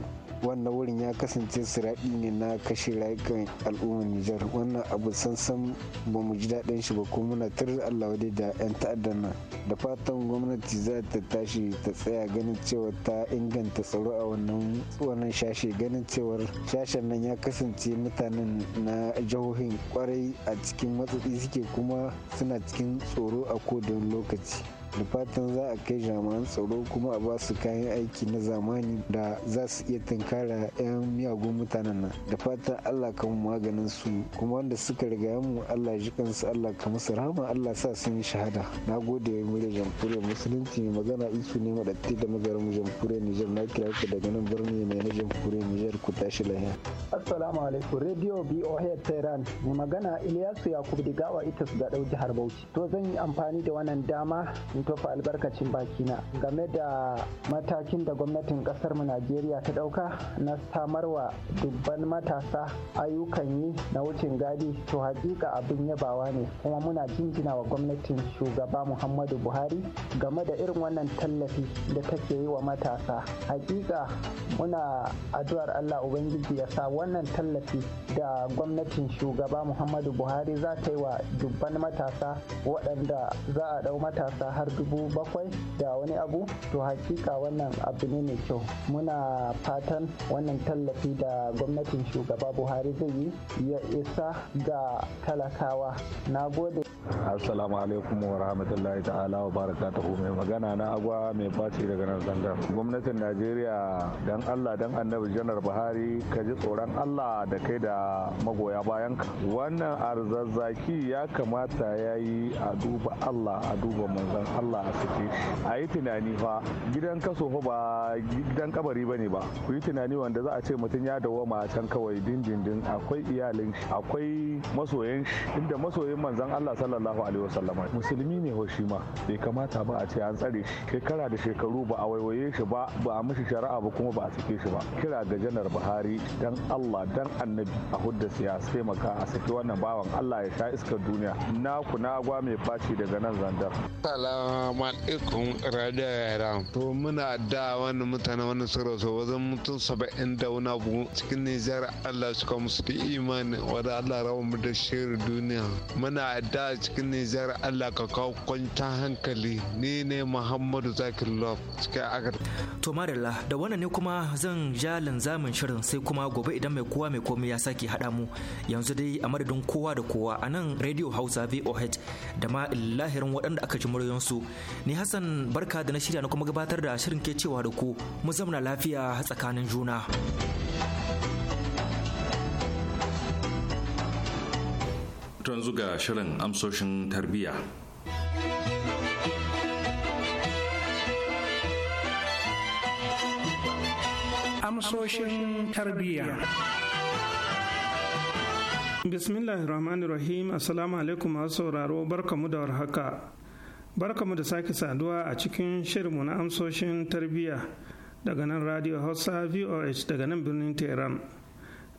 G: wannan wurin ya kasance siraɗi ne na kashe rayukan al'ummar Nijar wannan abu sansan ba mu ji daɗin shi ba kuma muna tar Allah wadai da 'yan ta'addan nan da fatan gwamnati za ta tashi ta tsaya ganin cewa ta inganta tsaro a wannan wannan shashe ganin cewar shashen nan ya kasance mutanen na jihohin kwarai a cikin matsatsi suke kuma suna cikin tsoro a kodin lokaci da fatan za a kai jami'an tsaro kuma a ba su kayan aiki na zamani da za su iya tunkara 'yan miyagun mutanen nan da fatan allah kan maganin su kuma wanda suka riga mu allah ji kansu allah ka musu rahama allah sa sun yi shahada na gode murya jamhuriyar musulunci magana isu ne madatti da magarin jamhuriyar nijar na kira ku daga nan birni mai na jamhuriyar nijar ku tashi lahiya
F: assalamu alaikum radio boh tehran mai magana Iliyasu yakub digawa itas ga dau jihar bauchi to zan yi amfani da wannan dama tofa albarkacin bakina game da matakin da gwamnatin kasar mu Najeriya ta dauka na samarwa dubban matasa ayyukan yi na wucin gadi to hakika abin yabawa ne kuma muna jinjina wa gwamnatin shugaba Muhammadu Buhari game da irin wannan tallafi da take yi wa matasa hakika muna addu'ar Allah Ubangiji ya sa wannan tallafi da gwamnatin shugaba Muhammadu Buhari za ta yi wa dubban matasa waɗanda za a dau matasa har dubu bakwai da wani abu to hakika wannan abu ne mai kyau muna fatan wannan tallafi da gwamnatin shugaba buhari zai yi ya isa ga talakawa na gode
A: assalamu alaikum wa rahmatullahi ta'ala wa barakatuhu mai magana na agwa mai faci daga nan zangar gwamnatin najeriya dan allah dan annabi janar buhari ka ji tsoron allah da kai da magoya bayan ka wannan arzazzaki ya kamata ya yi a duba allah a duba manzan allah a suke a yi tunani fa gidan kaso fa ba gidan kabari ba ne ba ku yi tunani wanda za a ce mutum ya dawoma a can kawai dindindin akwai iyalin akwai shi inda masoyin manzan allah sallallahu alaihi wasallam musulmi ne ho shi ma bai kamata ba a ce an tsare shi shekara da shekaru ba a waiwaye shi ba ba a mishi shari'a ba kuma ba a sake shi ba kira ga janar buhari dan allah dan annabi a hudda siyasa taimaka a saki wannan bawan allah ya sha iskar duniya na kuna agwa mai faci daga nan zandar
G: salamu alaikum radio yara to muna da wani mutane wani sura so wajen mutum saba'in da wani abu cikin nijar allah suka musu imani wadda allah rawa mu da shirin duniya muna da cikin Nijar Allah ka kawo kwanta hankali ni ne Muhammadu Zakir Love cikin Agar. To Marilla da wannan ne kuma
C: zan ja linzamin shirin sai kuma gobe idan mai kowa mai komai ya sake haɗa mu yanzu dai a madadin kowa da kowa a nan Radio Hausa VOH da ma lahirin waɗanda aka ji muryoyinsu ni Hassan barka da na shirya na kuma gabatar da shirin ke cewa da ku mu zamna lafiya tsakanin juna.
A: tun zuga shirin amsoshin tarbiyya
D: amsoshin tarbiyya bismillahir rahmanir rahim assalamu alaikum masu sauraro barkamu da warhaka barkamu da sake saduwa a cikin shirinmu na amsoshin tarbiyya daga nan radio hausa voh daga nan birnin tehran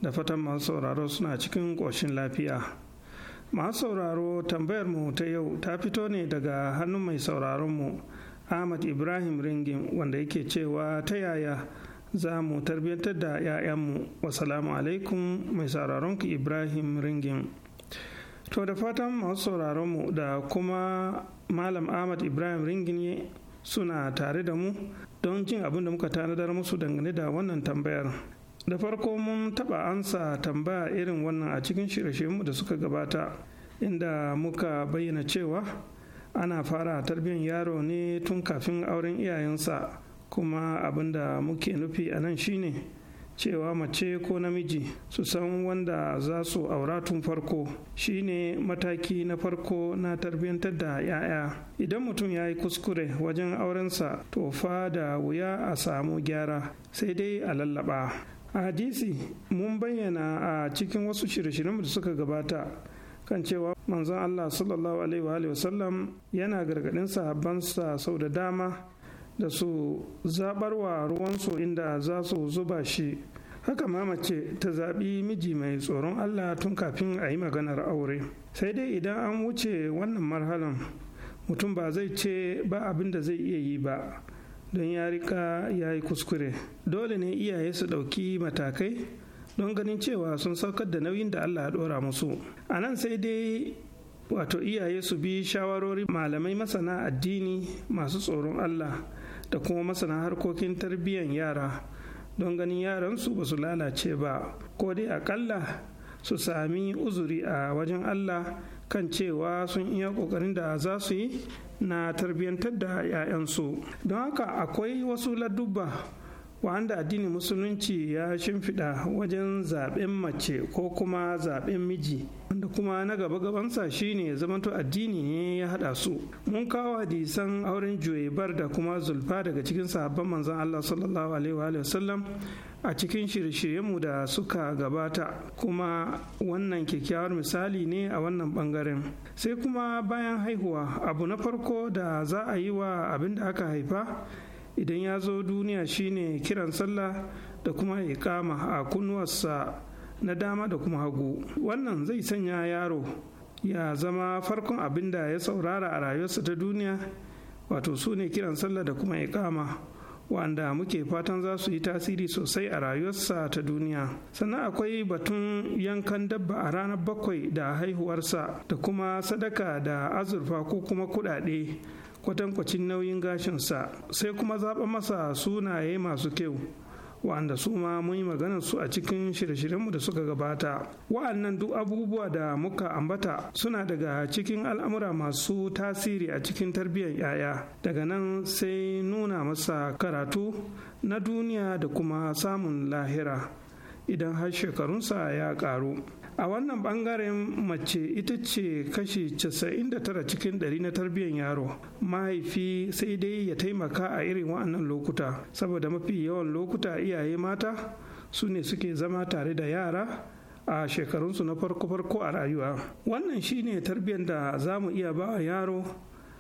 D: da fatan masu sauraro suna cikin ƙoshin lafiya masu sauraro tambayar mu ta yau ta fito ne daga hannun mai sauraron mu ahmad ibrahim ringin wanda yake cewa ta yaya za mu tarbiyyantar da 'ya'yanmu wasalamu alaikum mai sauraron ku ibrahim ringin to da fatan masu sauraron mu da kuma malam ahmad ibrahim ringin suna tare da mu don jin abin da muka tanadar musu dangane da wannan tambayar da farko mun taba ansa tambaya irin wannan a cikin shirye-shiryenmu da suka gabata inda muka bayyana cewa ana fara tarbiyyar yaro ne tun kafin auren iyayensa kuma abin da muke nufi a nan shine cewa mace ko namiji su san wanda za su aura tun farko shine mataki na farko na tarbiyyantar da 'ya'ya idan mutum ya yi kuskure wajen aurensa to fa da wuya a samu gyara sai dai a lallaba a hadisi mun bayyana a cikin wasu shirye-shiryen da suka gabata kan cewa manzon Allah sallallahu alaihi wa sallam yana gargaɗin sahabbansa sau da dama da su wa ruwansu inda za su zuba shi haka mamace ce ta zaɓi miji mai tsoron Allah tun kafin a yi maganar aure sai dai idan an wuce wannan marhalan mutum ba zai ce ba abin da zai iya yi ba don ya rika ya yi kuskure dole ne iyaye su ɗauki matakai don ganin cewa sun saukar da nauyin da allah ya ɗora musu a nan sai dai wato iyaye su bi shawarori malamai masana addini masu tsoron allah da kuma masana harkokin tarbiyyar yara don ganin yaransu ba su lalace ba ko dai akalla su sami uzuri a wajen allah kan cewa sun iya kokarin da za su yi na tarbiyyantar da 'ya'yansu don haka akwai wasu ladubba wanda addinin musulunci ya shimfiɗa wajen zaɓen mace ko kuma zaɓen miji wanda kuma na gaba gabansa shine zamanto addini ne ya haɗa su mun kawo hadisan auren juyebar da kuma zulfa daga cikin sahabban manzon Allah sallallahu alaihi wa sallam a cikin shirye-shiryenmu da suka gabata kuma wannan kyakkyawar misali ne a wannan bangaren sai kuma bayan haihuwa abu na farko da za a yi wa abin da aka haifa idan ya zo duniya shine kiran sallah da kuma ikama a kunnuwarsa na dama da kuma hagu wannan zai sanya yaro ya zama farkon abin da ya saurara a rayuwarsa ta duniya wato su ne kiran sallah da kuma ikama wanda muke fatan za su yi tasiri sosai a rayuwarsa ta duniya sannan akwai batun yankan dabba a ranar bakwai da haihuwarsa da kuma sadaka da azurfa ko kuma kuɗaɗe kwatankwacin nauyin gashinsa sai kuma zaɓa masa sunaye masu kyau wa'anda su ma mun yi maganar su a cikin shirye-shiryenmu da suka gabata wa'annan duk abubuwa da muka ambata suna daga cikin al'amura masu tasiri a cikin tarbiyyar 'ya'ya daga nan sai nuna masa karatu na duniya da kuma samun lahira idan har shekarunsa ya ƙaru. a wannan bangaren mace ita ce kashi 99 cikin 100 na tarbiyyar yaro mahaifi sai dai ya taimaka a irin wa'annan lokuta saboda mafi yawan lokuta iyaye mata su ne suke zama tare da yara a shekarunsu na farko-farko a rayuwa wannan shine tarbiyyar da za mu iya ba yaro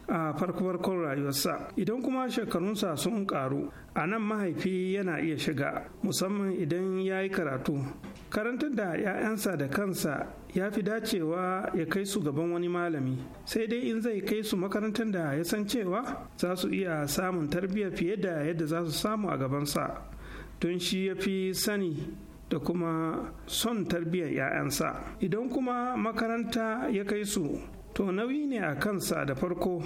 D: a farko-farkon rayuwarsa idan kuma shekarunsa sun karu a nan mahaifi yana iya shiga musamman idan ya yi karatu karantar da 'ya'yansa da kansa ya fi dacewa ya kai su gaban wani malami sai dai in zai kai su makarantar da ya san cewa za su iya samun tarbiyya fiye da yadda za su samu a gabansa tun shi ya fi sani da kuma son tarbiyyar 'ya'yansa idan kuma makaranta ya kai su to nauyi ne a kansa da farko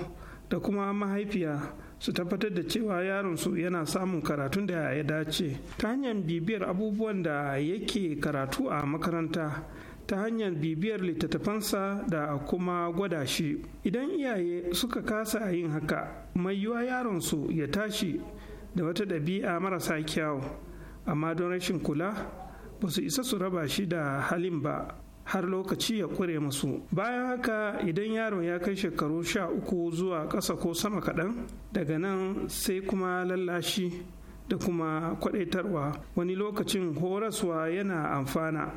D: da kuma mahaifiya su tabbatar da cewa yaron su yana samun karatun da ya dace ta hanyar bibiyar abubuwan da yake karatu a makaranta ta hanyar bibiyar littattafansa da kuma gwada shi idan iyaye suka kasa yin haka mai yiwa su ya tashi da wata ɗabi'a marasa kyau, amma don rashin kula ba su isa su raba shi da halin ba har lokaci ya kure masu bayan haka idan yaron ya kai shekaru sha uku zuwa ƙasa ko sama kaɗan daga nan sai kuma lallashi da kuma kwadaitarwa wani lokacin horaswa yana amfana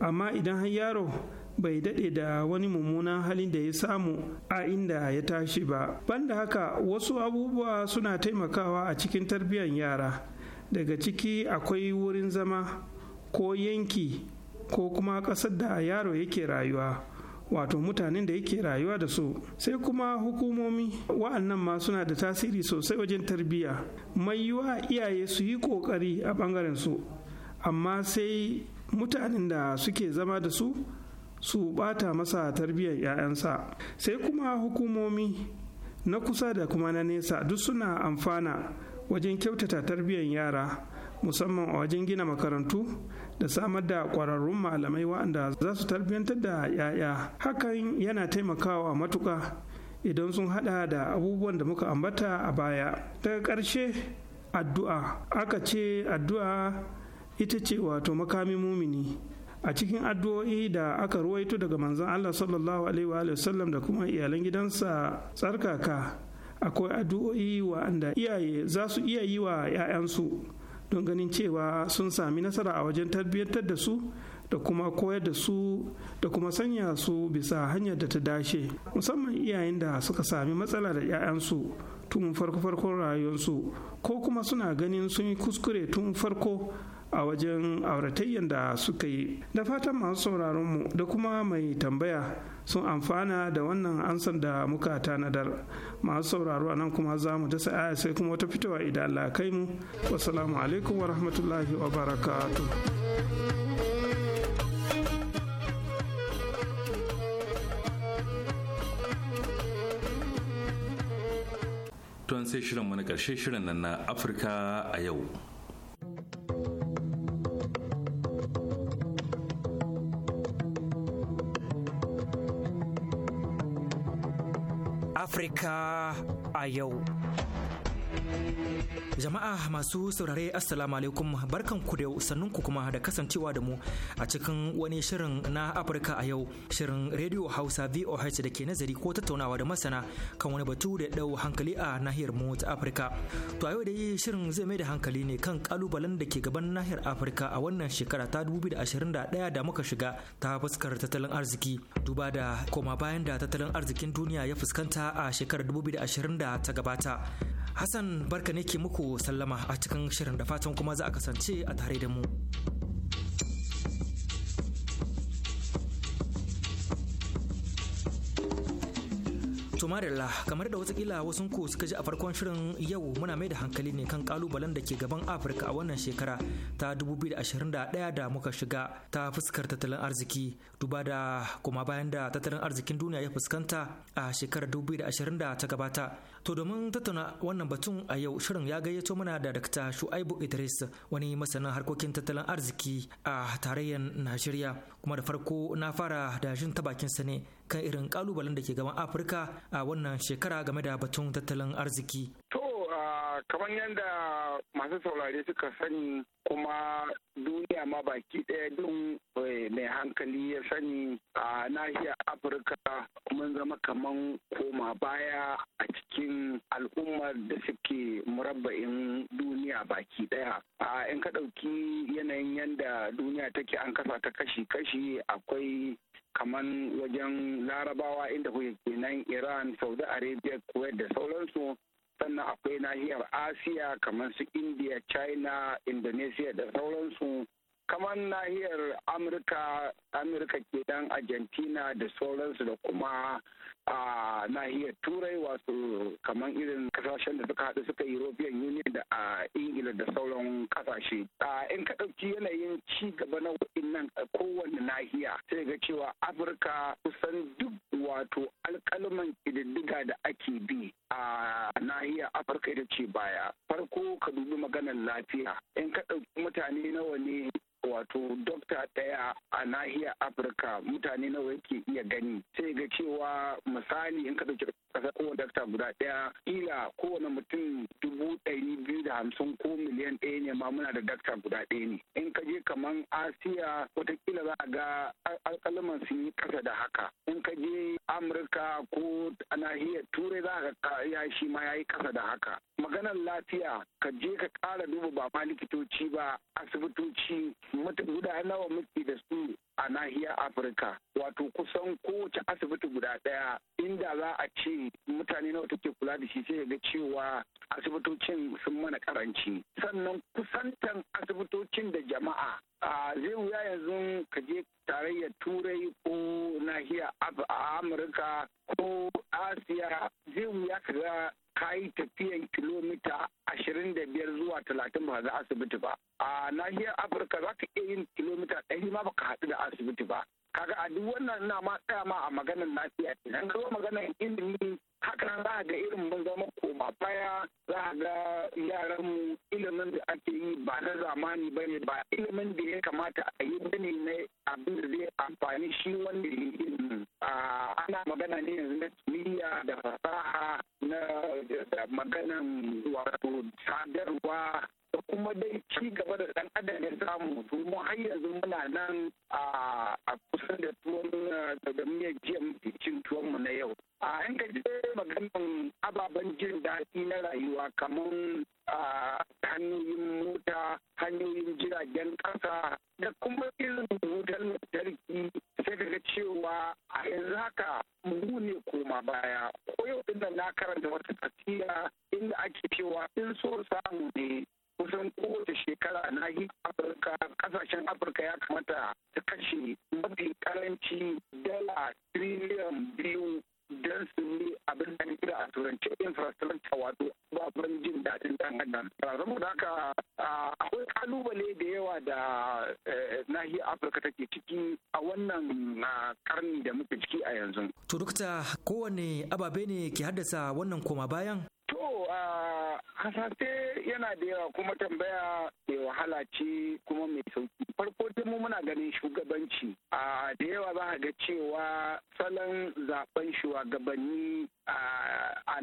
D: amma idan har yaro bai daɗe da wani mummunan halin da ya samu a inda ya tashi ba banda haka wasu abubuwa suna taimakawa a cikin tarbiyyar yara daga ciki akwai wurin zama ko yanki ko kuma ƙasar da yaro yake rayuwa wato mutanen da yake rayuwa da su sai kuma hukumomi wa'annan ma suna da tasiri sosai wajen tarbiyya mai yiwa iyaye su yi ƙoƙari a ɓangaren su amma sai mutanen da suke zama da su su ɓata masa tarbiyyar 'ya'yansa sai kuma hukumomi na kusa da kuma na nesa duk suna amfana wajen kyautata tarbiyyar yara musamman a wajen gina makarantu da samar da ƙwararrun malamai waɗanda za su tarbiyyantar da 'ya'ya hakan yana taimakawa matuƙa idan sun hada da abubuwan da muka ambata a baya daga ƙarshe addu'a aka ce addu'a ita ce wato makamin mumini a cikin addu'o'i da aka ruwaito daga manzon Allah sallallahu alaihi wa da kuma iyalan gidansa tsarkaka akwai addu'o'i wa'anda iyaye za su iya yi wa 'ya'yansu don ganin cewa sun sami nasara a wajen tarbiyyantar da su da kuma koyar da su da kuma sanya su bisa hanyar da ta dace musamman iyayen da suka sami matsala da 'ya'yansu tun farko-farkon rayuwarsu ko kuma suna ganin sun yi kuskure tun farko a wajen auratayyar da suka yi da fatan masu sauraronmu da kuma mai tambaya sun amfana da wannan ansan da muka tanadar masu sauraro a nan kuma za mu dasa aya sai kuma wata fitowa idan Allah kai mu wasalamu alaikum wa rahmatullahi wa barakatuh
A: Tuwan sai shirin mana karshe shirin nan na Afirka a yau.
C: Africa. Iyo. Jama'a masu saurare Assalamu alaikum ku da ku kuma da kasancewa da mu a cikin wani shirin na Afirka a yau shirin Radio Hausa VOH da ke nazari ko tattaunawa da masana kan wani batu da dau hankali a nahiyar mu ta Afirka. To a yau dai shirin zai mai da hankali ne kan kalubalen da ke gaban nahiyar Afirka a wannan shekara ta 2021 da muka shiga ta fuskar tattalin arziki duba da koma bayan da tattalin arzikin duniya ya fuskanta a shekarar 2020 da ta gabata. Hassan nan barka ne ke muku sallama a cikin shirin da fatan kuma za a kasance a tare da mu. tumarilla kamar da watakila wasu ko suka ji a farkon shirin yau muna mai da hankali ne kan kalubalen da ke gaban Afirka a wannan shekara ta 2021 da muka shiga ta fuskar tattalin arziki duba da kuma bayan da tattalin arzikin duniya ya fuskanta a shekarar 2020 da ta gabata to domin tattauna wannan batun a yau shirin ya gayyato mana da Dr shu'aibu idris wani masanin harkokin tattalin arziki a tarayyar najeriya kuma da farko na fara da jin ta bakin sa ne kan irin kalubalen da ke gaban afirka a wannan shekara game da batun tattalin
H: arziki to Ah, kamar yadda masu saurare suka sani kuma duniya ma baki ɗaya don eh, mai hankali ya sani a nahiyar afirka mun zama kaman koma baya a cikin al'ummar da suke murabba'in duniya baki ɗaya a in ka ɗauki yanayin yadda duniya take an kasa ta kashi-kashi akwai kaman wajen larabawa inda kuke kenan iran saudi arabia kuwait da sauransu sannan akwai nahiyar asiya kamar su india china indonesia da sauransu kamar nahiyar amurka amurka dan argentina da sauransu da kuma a nahiyar turai wato kamar irin kasashen da suka haɗu suka european union da a ingila da sauran kasashe A in ka ɗauki yanayin ci gaba na wa'innan kowane nahiya sai ga cewa afirka kusan duk wato alkalaman ƙididdiga da ake bi a nahiyar afirka ita ce baya farko ka dubi maganar lafiya in ka ɗauki mutane nawa ne wato dokta ɗaya a nahiyar afirka mutane nawa yake iya gani sai ga cewa misali in ka ɗauki kasa kowane dakta guda ɗaya ila kowane mutum dubu dari biyu da hamsin ko miliyan ɗaya ne ma muna da dakta guda ɗaya ne in ka je kaman asiya watakila za a ga alkalaman sun yi kasa da haka in ka je amurka ko a nahiyar turai za a ga ya shi ma ya yi kasa da haka maganar lafiya ka je ka ƙara duba ba ma likitoci ba asibitoci guda nawa muke da su a nahiyar afirka wato kusan kowace asibiti guda ɗaya inda za a ce mutane nawa take kula da shi sai ga cewa asibitocin sun mana karanci sannan kusantan asibitocin da jama'a zai wuya yanzu ka je tarayyar turai ko nahiya a amurka ko asiya zai wuya ka ga kayi tafiyan kilomita ashirin da biyar zuwa talatin ba ga asibiti ba a nahiyar afirka za ka iya yin kilomita ɗari ma baka haɗu da asibiti ba kaga a duk wannan ina ma tsaya ma a maganar lafiya kenan an zo maganar ilimi haka za a ga irin mun zama koma baya za a ga yaran mu ilimin da ake yi ba na zamani ba ne ba ilimin da ya kamata a yi bane na abin da zai amfani shi wanda ya ilimin ana magana ne yanzu na kimiyya da fasaha na maganan wato sadarwa da kuma dai ci gaba da dan adam ya samu domin har yanzu muna nan a kusa da tuwon da miyar jiya mafi cin tuwon mu na yau a in ka je maganin ababen jin daɗi na rayuwa kamar a hanyoyin mota hanyoyin jiragen ƙasa da kuma irin wutar lantarki sai ka cewa a yanzu haka mu ne koma baya ko yau din na karanta wata
C: haddasa wannan koma bayan?
H: To, hasashe yana da yawa kuma tambaya mai wahala ce kuma mai sauki. Farko dai mu muna ganin shugabanci. a Da yawa za a ga cewa salon zaben shugabanni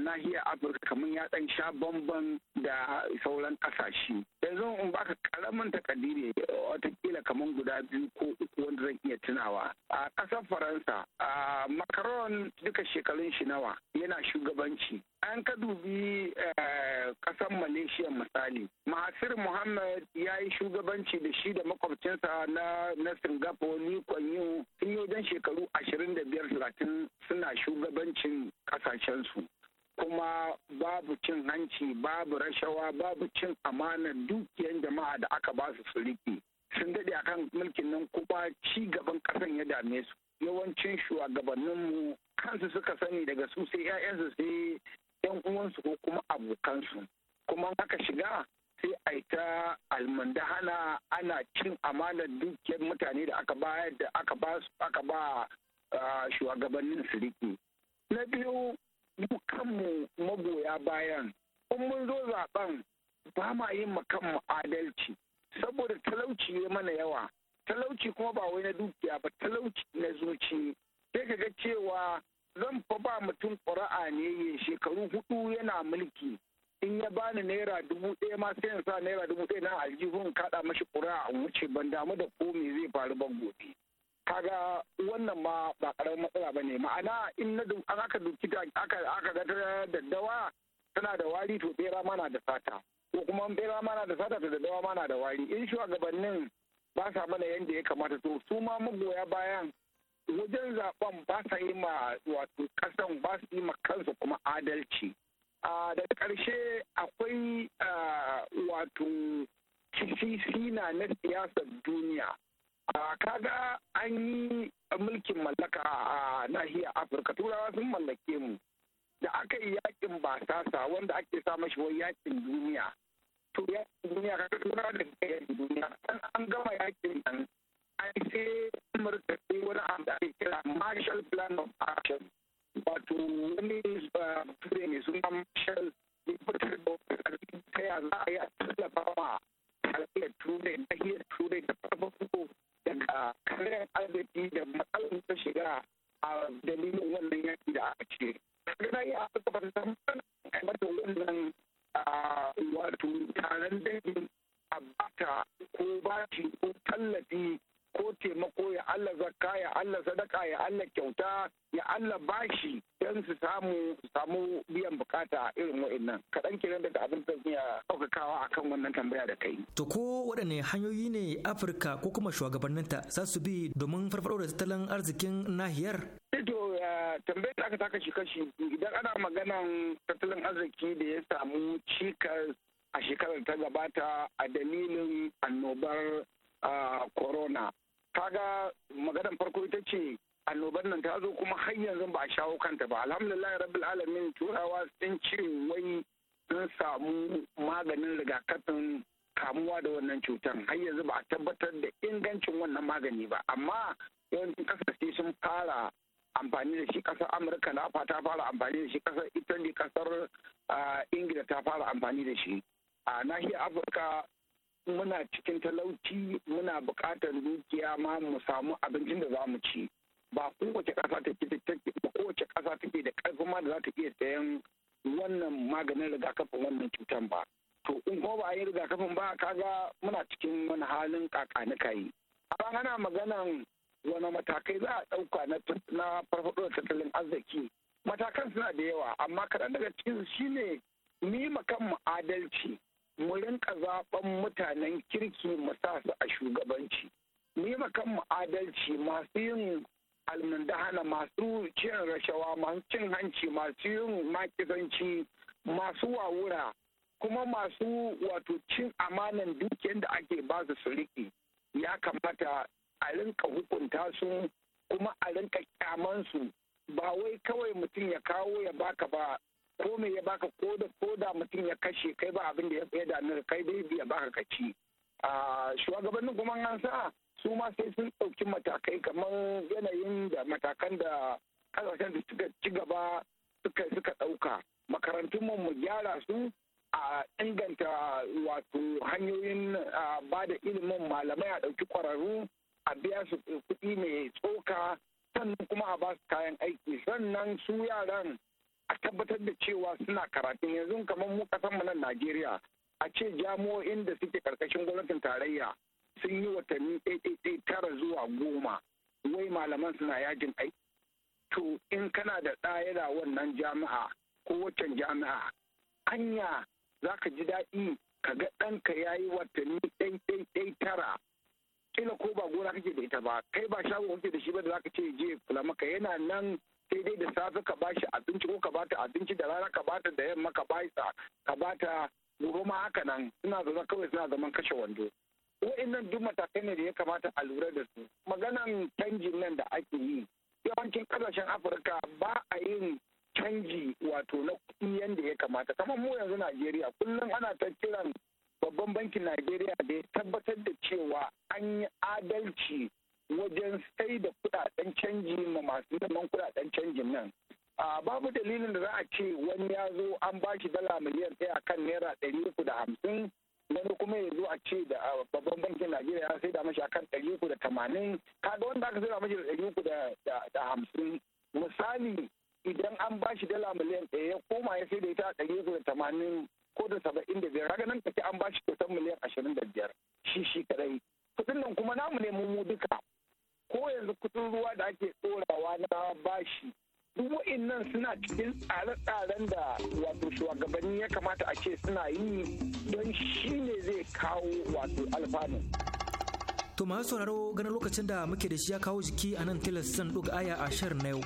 H: nahiyar afirka kamar ya dan sha bamban da sauran kasashe yanzu in baka karamin takadiri watakila kamar guda biyu ko uku wanda zan iya tunawa a kasar faransa a macron duka shekarun shi nawa yana shugabanci an ka dubi eh, ƙasar malaysia misali mahasir muhammad ya yi shugabanci da shi da makwabcinsa na na singapore ni kwanyo sun yi wajen shekaru ashirin da suna shugabancin ƙasashensu kuma babu cin hanci babu rashawa babu cin amanar dukiyar jama'a da aka ba su riƙe sun daɗe akan mulkin nan kuma ci gaban ƙasan ya dame su yawancin shugabanninmu kansu suka sani daga su sai 'ya'yansu sai 'yan uwansu ko kuma abokansu kuma aka shiga sai a ta almandahana ana cin amanar dukiyar mutane da aka bayar da aka ba ah, shugabannin su riƙe na biyu mu kanmu magoya bayan in mun zo zaben ba ma yin kanmu adalci saboda talauci ya mana yawa talauci kuma ba wai na dukiya ba talauci na zuci sai ka ga cewa zan fa ba mutum ƙura'a ne ya shekaru hudu yana mulki in ya bani naira dubu ɗaya ma sai in sa naira dubu ɗaya na aljihun kaɗa mashi ƙura'a a wuce ban damu da ko me zai faru ban gobe kaga wannan ma ba karamin matsala ba ne ma'ana in na an aka duki aka aka ga daddawa tana da wari to bera mana da sata ko kuma in bera mana da sata to daddawa mana da wari in shugabannin ba sa mana yanda ya kamata to su ma magoya bayan wajen zaben ba sa yi ma wato kasan ba su yi ma kansu kuma adalci daga ƙarshe akwai wato kisisi na na siyasar duniya kaga an yi mulkin mallaka a nahiyar afirka turawa sun mallake mu da aka yi yakin basasa wanda ake sa shi wani yakin duniya to yakin duniya ka turawa da yakin duniya an an gama yakin nan an sai amurka sai wani abu da ake kira marshall plan of action wato wani ture mai suna marshall ya fitar da wata ta za a yi a tallafa tarayyar turai nahiyar turai da farko daga karyar arziki da matsalar ta shiga a dalilin wannan yaki da aka ce. Turai a suka ba ta mata wannan wato taron dangin a bata ko baci ko tallafi ko taimako ya Allah zakka ya Allah sadaka ya Allah kyauta ya Allah bashi don su samu samu biyan bukata a irin wa'annan kaɗan kenan daga abin da iya ɗaukakawa akan wannan tambaya da kai. To
C: ko waɗanne hanyoyi ne Afirka ko kuma shugabanninta za su bi domin farfaɗo da tattalin arzikin nahiyar?
H: Eh to tambayar da aka taka shi kashi idan ana maganan tattalin arziki da ya samu cikas a shekarar ta gabata a dalilin annobar corona kaga maganar farko ita ce annobar nan ta zo kuma har yanzu ba a shawo kanta ba alhamdulillah rabbil alamin turawa sun cire wai sun samu maganin rigakafin kamuwa da wannan cutar har yanzu ba a tabbatar da ingancin wannan magani ba amma yawancin kasashe sun fara amfani da shi kasar amurka na ta fara amfani da shi kasar italy kasar ah, ingila ta fara amfani da shi a nahiyar afirka muna cikin talauci muna buƙatar dukiya ma mu samu abincin da za mu ci ba kowace ƙasa take ke kowace ƙasa da ƙarfin ma da za ta iya sayan wannan maganin rigakafin wannan cutar ba to in ko ba a yi rigakafin ba kaga muna cikin wani halin kakanika yi amma ana maganan wani matakai za a ɗauka na farfaɗo da tattalin arziki matakan suna da yawa amma kaɗan daga cikin shine mu yi kanmu adalci mu rinka zaben mutanen kirki mu sa su a shugabanci mu makan mu adalci masu yin almundahana masu cin rashawa masu cin hanci masu yin makisanci masu wawura kuma masu wato cin amanan dukiyar da ake ba su su riƙe ya kamata a rinka hukunta su kuma a rinka kyaman su ba wai kawai mutum ya kawo ya baka ba ko me ya baka ko da ko da mutum ya kashe kai ba abin da ya dame kai dai biya baka kaci a shugabannin kuma an sa su ma sai sun ɗauki matakai kamar yanayin da matakan da kasashen da suka ci gaba suka suka ɗauka makarantun mu mu gyara su a inganta wato hanyoyin ba da ilimin malamai a ɗauki kwararru a biya su kuɗi mai tsoka sannan kuma a ba su kayan aiki sannan su yaran a tabbatar da cewa suna karatun yanzu kamar mu kasan mu nan Najeriya a ce jami'o'in da suke karkashin gwamnatin tarayya sun yi watanni ɗaiɗaiɗai tara zuwa goma wai malaman suna yajin aiki to in kana da da wannan jami'a ko waccan jami'a anya za ka ji daɗi ka ga ɗanka ya yi watanni ɗaiɗaiɗai tara kila ko ba gona kake da ita ba kai ba shago kake da shi ba da za ka ce je kula maka yana nan sai dai da safe ka bashi abinci ko ka bata abinci da rana ka bata da yamma ka bata ka bata gobe ma haka nan suna zama kawai suna zaman kashe wando wa'annan duk matakai ne da ya kamata a lura da su maganan canjin nan da ake yi yawancin kasashen afirka ba a yin canji wato na kuɗi yadda ya kamata kamar mu yanzu najeriya kullum ana ta kiran babban bankin najeriya da ya tabbatar da cewa an yi adalci wajen sai da kudaden canji ma masu zaman kudaden canjin nan babu dalilin da za a ce wani ya zo an ba shi dala miliyan ɗaya kan naira ɗari uku da hamsin wani kuma ya zo a ce da babban bankin najeriya ya sai da mashi akan ɗari uku da tamanin kaga wanda aka sai da mashi da ɗari uku da hamsin misali idan an ba shi dala miliyan ɗaya ya koma ya sai da ita a ɗari uku da tamanin ko da saba'in da biyar kaga nan take an ba shi kusan miliyan ashirin da biyar shi shi kadai kuɗin nan kuma namu ne mu duka ko yanzu kudin ruwa da ake tsorawa na bashi duk nan suna cikin tsare-tsaren da wato shugabanni ya kamata a ce suna yi don shi ne zai kawo wato alfanu.
C: To masu sauraro ganin lokacin da muke da shi ya kawo jiki a nan tilas zan ɗuga aya a shirin na yau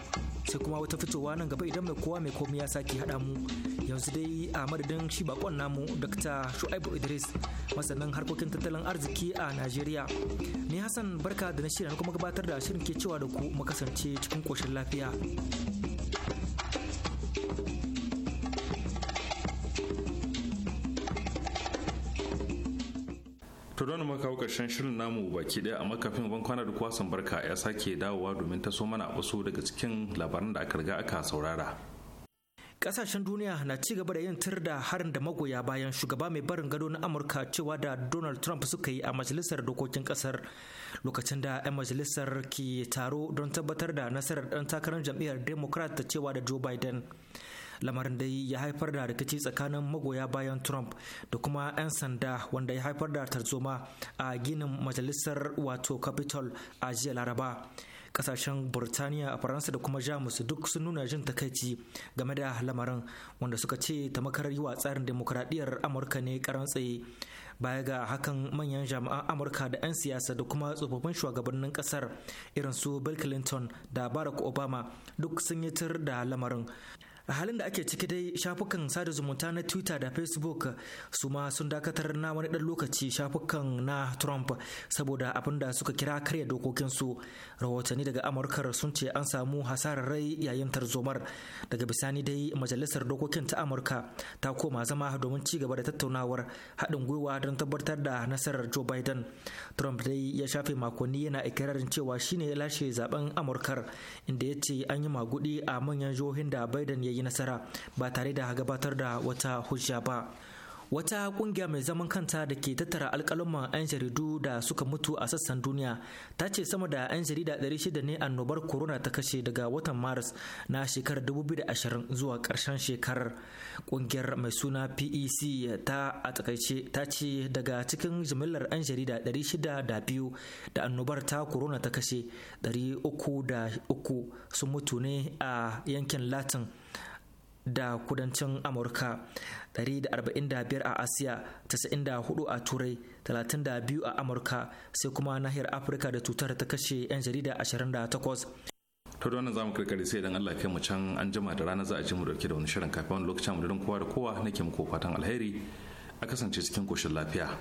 C: sai kuma wata fitowa nan gaba idan mai kowa mai komi ya sake haɗa mu yanzu dai a madadin shi bakon namu Dr. Shu'aibu Idris masanin harkokin tattalin arziki a Najeriya. Ni Hassan barka da na shirin kuma gabatar da shirin ke cewa da ku mu kasance cikin koshin lafiya.
A: to don mu kawo karshen shirin namu baki ɗaya a makafin ban kwana da kwasan barka ya sake dawowa domin ta so mana wasu daga cikin labaran da aka riga aka saurara
C: kasashen duniya na ci gaba da yin tir da harin da magoya bayan shugaba mai barin gado na amurka cewa da donald trump suka yi a majalisar dokokin kasar lokacin da 'yan majalisar ke taro don tabbatar da nasarar dan takarar jam'iyyar democrat da cewa da joe biden lamarin dai ya haifar da rikici tsakanin magoya bayan trump da kuma 'yan sanda wanda ya haifar da tarzoma a ginin majalisar wato capitol a jiya laraba kasashen burtaniya a faransa da kuma jamus duk sun nuna jin takaici game da lamarin wanda suka ce tamakar yi wa tsarin demokuraɗiyyar amurka ne karan tsaye baya ga hakan manyan jami'an amurka da 'yan siyasa da kuma tsofaffin shugabannin kasar irin su bill clinton da barack obama duk sun yi tur da lamarin a halin da ake ciki dai shafukan sada zumunta na twitter da facebook su ma sun dakatar na wani dan lokaci shafukan na trump saboda abin da suka kira karya dokokinsu rahotanni daga amurkar sun ce an samu hasarar rai yayin tarzomar daga bisani dai majalisar dokokin ta amurka ta koma zama domin ci gaba da tattaunawar haɗin gwiwa don tabbatar da nasarar joe biden trump dai ya shafe makonni yana ikirarin cewa shine ya lashe zaben amurkar inda ya ce an yi magudi a manyan jihohin da biden ya ya yi nasara ba tare da gabatar da wata hujja ba wata kungiya mai zaman kanta da ke tattara alkalaman 'yan jaridu da suka mutu a sassan duniya ta ce sama da 'yan jarida 600 ne annobar corona ta kashe daga watan maris na shekarar 2020 zuwa karshen shekarar kungiyar mai suna pec ta a takaice ta ce daga cikin jimillar 'yan jarida shida da biyu da annobar ta corona ta kashe da uku sun mutu ne a yankin latin da kudancin amurka 145 a asiya 94 a turai 32 a amurka sai kuma nahiyar afirka da cutar ta kashe 'yan jarida 28
A: to wannan zamu karkare sai idan Allah kai mu can an jima da rana za a ji mu dauke da wani shirin kafin wani lokacin mu da kowa da kowa nake muku fatan alheri a kasance cikin koshin lafiya